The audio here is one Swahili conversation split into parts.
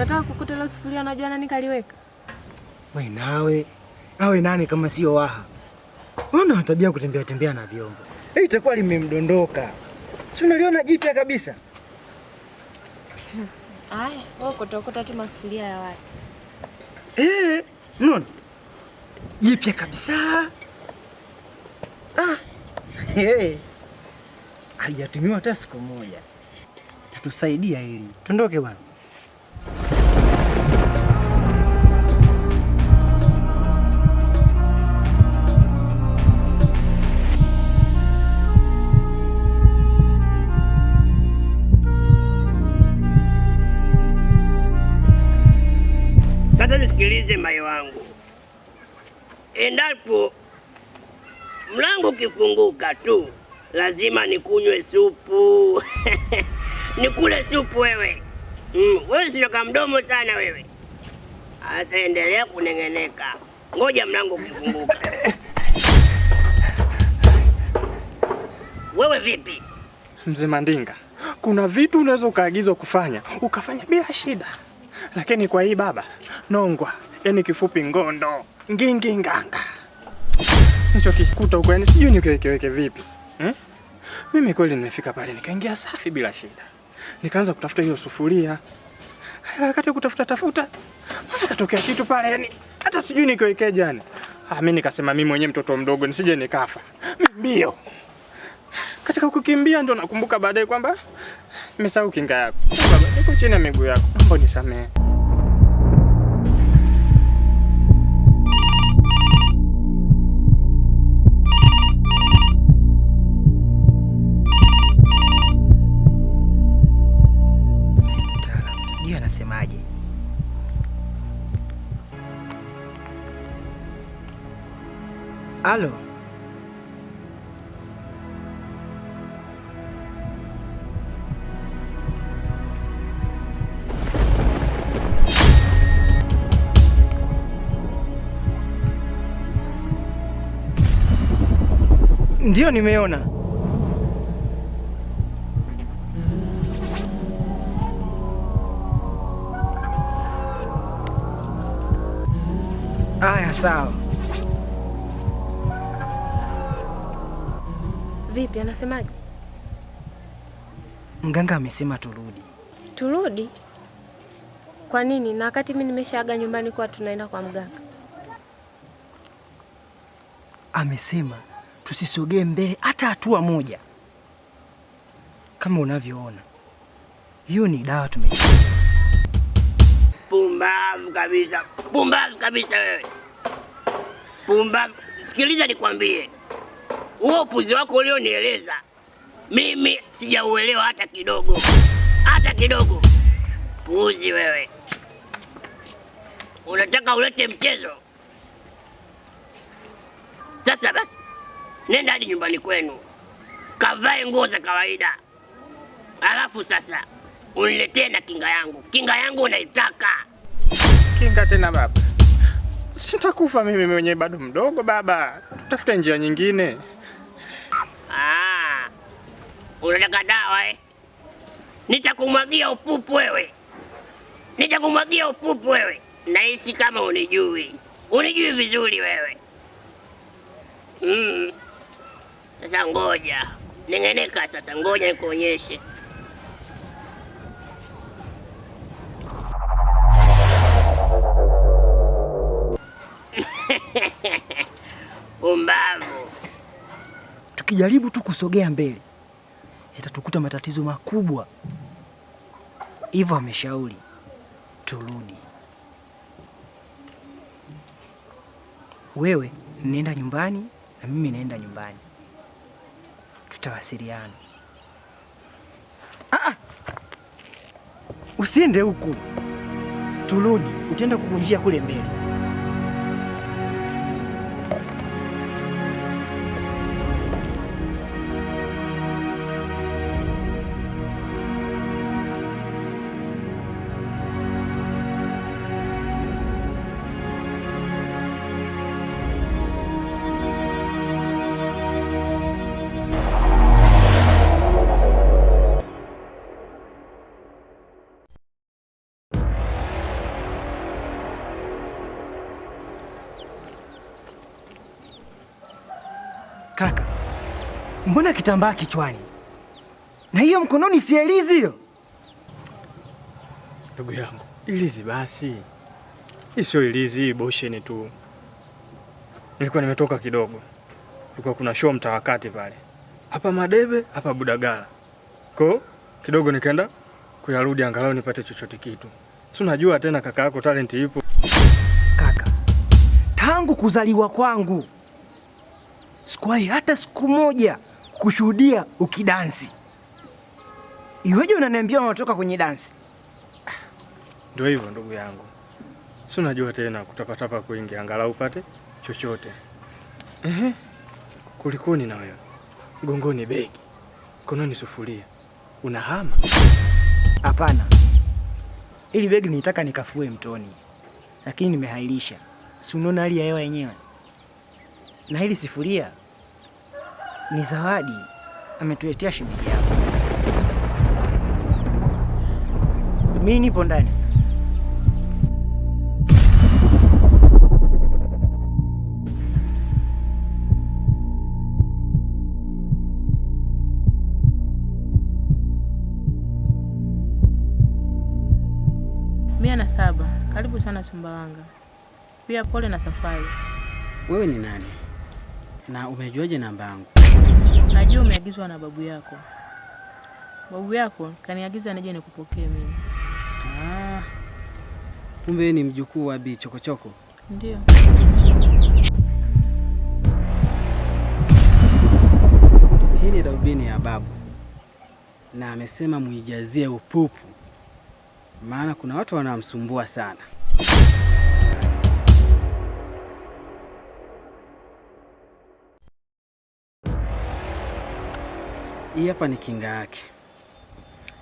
Unataka kukuta ile sufuria unajua nani kaliweka? Wewe nawe. Awe nani kama sio Waha? Mbona tabia kutembea tembea na vyombo? Hii itakuwa limemdondoka. Si unaliona jipya kabisa? Hmm. Aya, wewe kutokota tu masufuria ya wapi? Eh, unaona? Jipya kabisa. Ah. Hey. Eh. Haijatumiwa hata siku moja. Tatusaidia hili. Tondoke bwana. Sasa nisikilize mayi wangu, endapo mlango ukifunguka tu lazima nikunywe supu nikule supu wewe. Mm, wewe sitoka mdomo sana wewe. Sasa endelea kuneng'eneka, ngoja mlango ukifunguka. Wewe vipi, mzee Mandinga? Kuna vitu unaweza ukaagizwa kufanya ukafanya bila shida lakini kwa hii baba nongwa, yani kifupi ngondo ngingi nganga, nicho kikuta huko, yani sijui nikiwekeweke vipi eh? Mimi kweli nimefika pale nikaingia safi bila shida, nikaanza kutafuta hiyo sufuria. Wakati kutafuta tafuta, maana katokea kitu pale, yani hata sijui nikiwekea jani. Ah, mimi nikasema mimi mwenyewe mtoto mdogo nisije nikafa mbio. Katika kukimbia ndo nakumbuka baadaye kwamba nimesahau kinga yako, niko chini ya miguu yako, naomba nisamehe. Alo, ndio nimeona. Aya, sawa. Vipi, anasemaje? Mganga amesema turudi. Turudi? Kwa nini? Na wakati mimi nimeshaaga nyumbani kwa tunaenda kwa mganga. Amesema tusisogee mbele hata hatua moja. Kama unavyoona hiyo ni dawa tume. Pumbavu kabisa, pumbavu kabisa wewe, pumbavu. Sikiliza nikwambie huo upuzi wako ulionieleza mimi sijauelewa hata kidogo, hata kidogo. puzi wewe, unataka ulete mchezo? Sasa basi, nenda hadi nyumbani kwenu, kavae nguo za kawaida, alafu sasa uniletee na kinga yangu. Kinga yangu unaitaka kinga tena baba? Sitakufa mimi mwenyewe, bado mdogo baba, tutafute njia nyingine. Unataka dawa eh? Nitakumwagia upupu wewe, nitakumwagia upupu wewe. Nahisi kama unijui, unijui vizuri wewe. Mm. Sasa ngoja ning'eneka, sasa ngoja nikuonyeshe. Umbavu, tukijaribu tu kusogea mbele yatatukuta matatizo makubwa. Hivyo ameshauri turudi. Wewe nenda nyumbani na mimi naenda nyumbani, tutawasiliana. Ah, ah! usiende huku, turudi, utaenda kukunjia kule mbele. Mbona kitambaa kichwani na hiyo mkononi, si elizi hiyo? Ndugu yangu, ilizi basi, hii sio ilizi, bosheni tu. Nilikuwa nimetoka kidogo, kulikuwa kuna show mtawakati pale, hapa Madebe, hapa Budagala, ko kidogo nikaenda kuyarudi, angalau nipate chochote kitu. Si unajua tena kaka yako talent ipo kaka. Tangu kuzaliwa kwangu sikuwahi hata siku moja kushuhudia ukidansi. Iweje unaniambia unatoka kwenye dansi? Ndio hivyo ndugu yangu, si unajua tena kutapatapa kwingi, angalau upate chochote. Ehe, kulikoni na wewe? Mgongoni begi, mkononi sufuria, unahama? Hapana, ili begi nitaka nikafue mtoni, lakini nimehairisha. Si unaona hali ya hewa yenyewe, na hili sufuria ni zawadi ametuletea shemeji yako. Mimi nipo ndani. Mia na saba. Karibu sana Sumbawanga. Pia pole na safari. Wewe ni nani na umejuaje namba yangu? Najua umeagizwa na babu yako. Babu yako kaniagiza nije nikupokee mimi. Ah, kumbe ni mjukuu wa Bi Chokochoko. Ndio. Hii ni darubini ya babu, na amesema muijazie upupu, maana kuna watu wanamsumbua sana. Hii hapa ni kinga yake,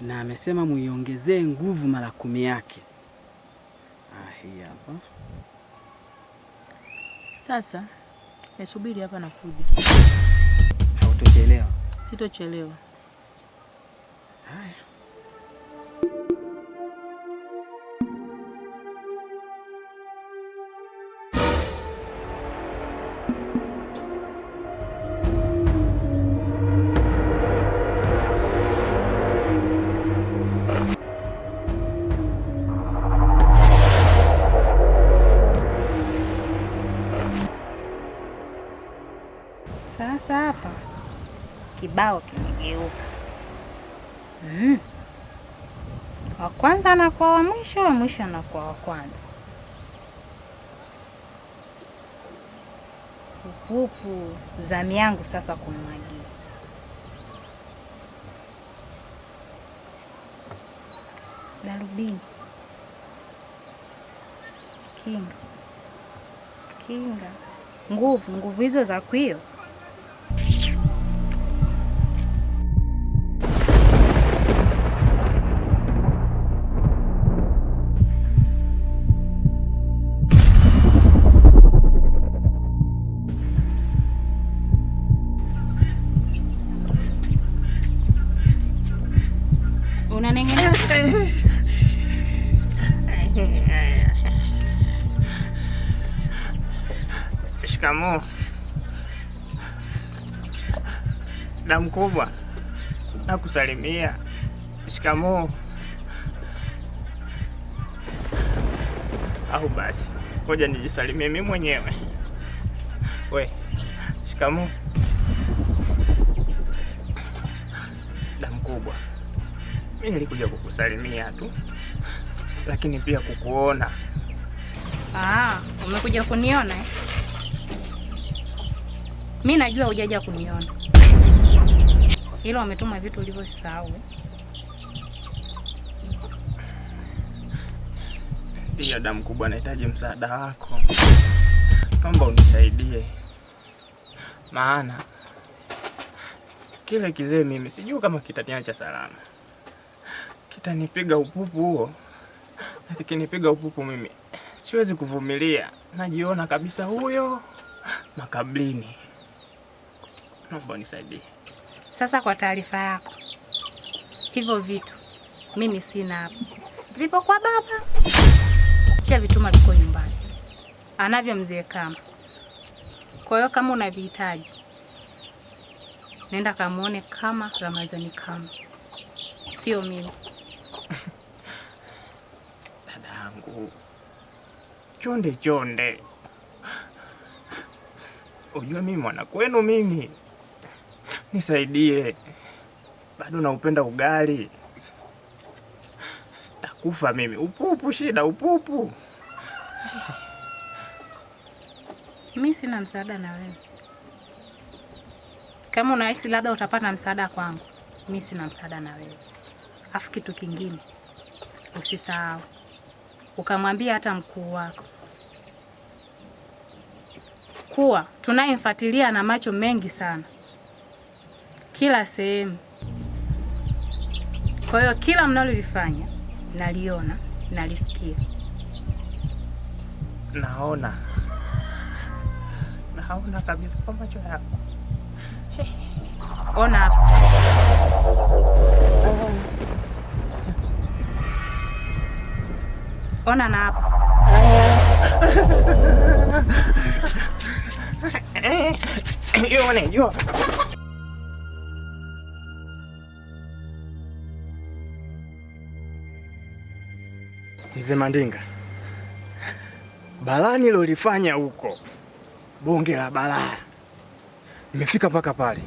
na amesema muiongezee nguvu mara kumi yake. Ah, hii hapa sasa. Nisubiri hapa, nakuja. Hautochelewa? Sitochelewa. Haya. kibao kimegeuka. Mm. Wa kwanza anakuwa wa mwisho, wa mwisho anakuwa wa kwanza. Upupu zamu yangu sasa kumwagia. Darubini, kinga, kinga, nguvu, nguvu hizo za kwio shikamoo. Da mkubwa, nakusalimia. Shikamoo. Au basi, ngoja nijisalimie mimi mwenyewe. We, shikamo Da mkubwa, mimi nilikuja kukusalimia tu, lakini pia kukuona. Ah, umekuja kuniona eh? mi najua hujaja kuniona, ila wametuma vitu ulivyosahau. Pia damu kubwa, nahitaji msaada wako, naomba unisaidie, maana kile kizee mimi sijui kama kitaniacha salama, kitanipiga upupu huo, na kikinipiga upupu mimi siwezi kuvumilia, najiona kabisa huyo makablini naomba unisaidie. Sasa kwa taarifa yako, hivyo vitu mimi sina hapo, vipo kwa baba cha vituma, viko nyumbani anavyo mzee Kama. Kwa hiyo kama unavihitaji nenda kamwone Kama Ramadhani Kama, sio mimi. Dadangu chonde chonde, ujua mimi mwana kwenu mimi nisaidie, bado naupenda ugali, takufa mimi. Upupu shida, upupu. Mi sina msaada na wewe. Kama unahisi labda utapata msaada kwangu, mi sina msaada na wewe. Afu kitu kingine usisahau, ukamwambia hata mkuu wako kuwa tunayemfuatilia na macho mengi sana kila sehemu. Kwa hiyo kila mnalolifanya naliona, nalisikia, naona, naona kabisa kwa macho yako. Ona hapa. Ona na hapa. Hiyo unajua Mzee Mandinga, balaa nilolifanya huko bonge la balaa, nimefika mpaka pale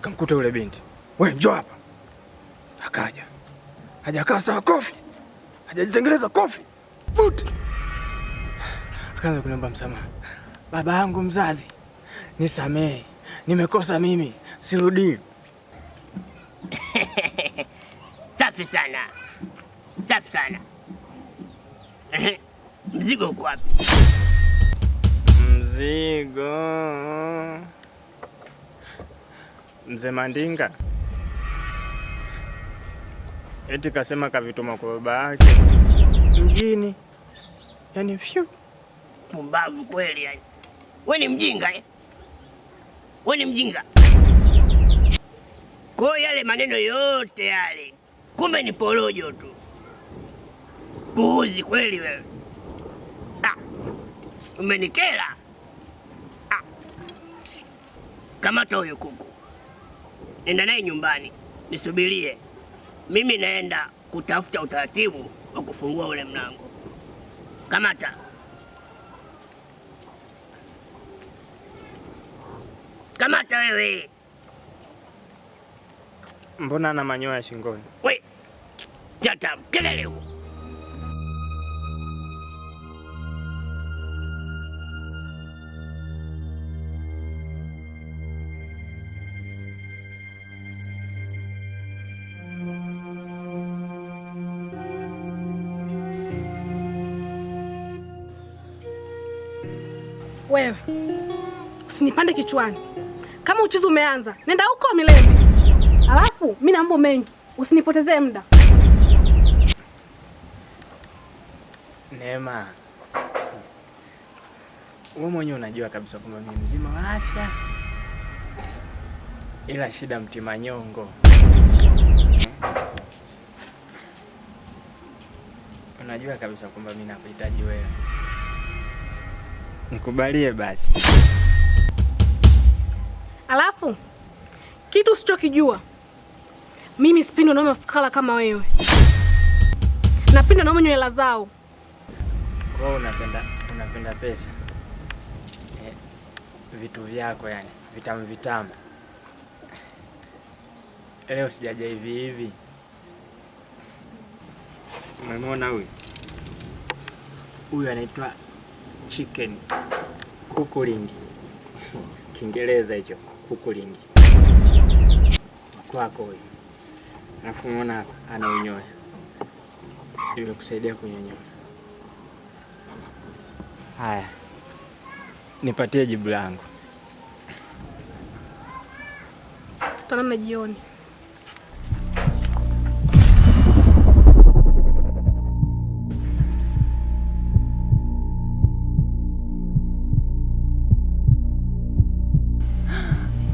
kamkuta yule binti, we njoo hapa. Akaja hajakaa sawa kofi, hajajitengeneza kofi but, akaanza kuniomba msamaha, baba yangu mzazi, nisamehe, nimekosa mimi, sirudii. Safi sana, safi sana. Mzigo uko wapi? Mzigo mzee Mandinga eti kasema kavituma kwa baba yake mjini. Yani fyu mbavu kweli yani. We ni mjinga eh? We ni mjinga kwa yale maneno yote yale kumbe ni porojo tu. Puuzi kweli wewe, ah, umenikela ah, Kamata huyu kuku, nenda naye nyumbani, nisubirie mimi, naenda kutafuta utaratibu wa kufungua ule mlango. Kamata kamata wewe. Mbona ana manyoya shingoni? We chata kelele huko. Wewe usinipande kichwani, kama uchizi umeanza, nenda huko milele. Alafu mi na mambo mengi, usinipotezee muda. Neema, wewe mwenyewe unajua kabisa kwamba mimi mzima wa afya, ila shida mtima nyongo. Unajua kabisa kwamba mimi nakuhitaji wewe Nikubalie basi. Alafu kitu usichokijua, mimi sipendi wanaume mafukara kama wewe. Napenda wanaume nywele zao. Wewe unapenda unapenda pesa e, vitu vyako yani vitamu vitamu. Leo sijaja hivi hivi. Umemwona huyu? Huyu anaitwa Chicken kukulingi Kiingereza hicho kukulingi kwako huyu, alafu unaona ana unyoya, imekusaidia kunyonyoa. Haya, nipatie jibu langu, tutanana jioni.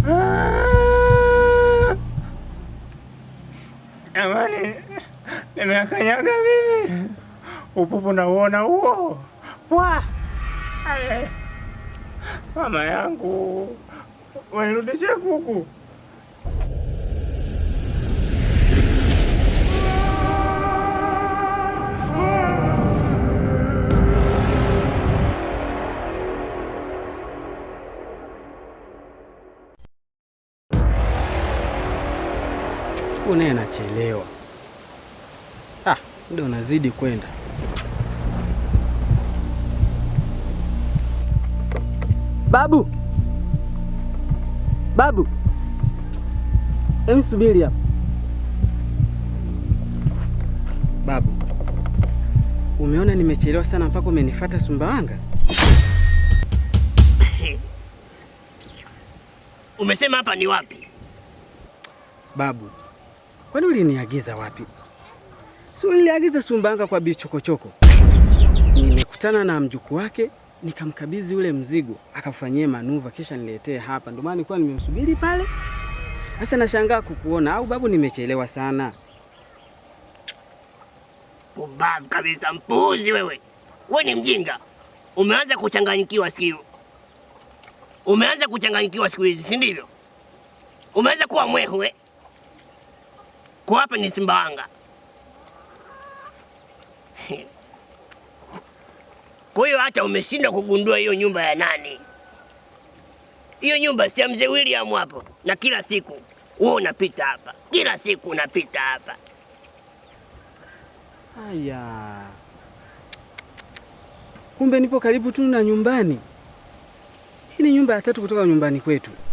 Jamani, ah. nimekanyaga mimi upupu na uona huo wa mama yangu, wanirudishe kuku. huo naye anachelewa. Ah, unazidi kwenda. Babu, babu, emsubiri hapo hapa babu. Umeona nimechelewa sana mpaka umenifuata Sumbawanga? Umesema hapa ni wapi? Babu, Kwani uliniagiza wapi? Si uliniagiza Sumbanga kwa Bi Chokochoko. Nimekutana na mjukuu wake nikamkabidhi ule mzigo akafanyie manuva kisha niletee hapa. Ndio maana nilikuwa nimemsubiri pale. Sasa nashangaa kukuona au babu, nimechelewa sana. Pumbavu kabisa, mpuzi wewe. Wewe ni mjinga, umeanza kuchanganyikiwa sikio, umeanza kuchanganyikiwa siku hizi, si ndivyo? Umeanza kuwa mwehu wewe. Eh? Kwa hapa ni simbawanga Kwa hiyo hata umeshindwa kugundua hiyo nyumba ya nani? Hiyo nyumba si ya mzee William hapo, na kila siku wewe unapita hapa, kila siku unapita hapa. Haya, kumbe nipo karibu tu na nyumbani. Hii ni nyumba ya tatu kutoka nyumbani kwetu.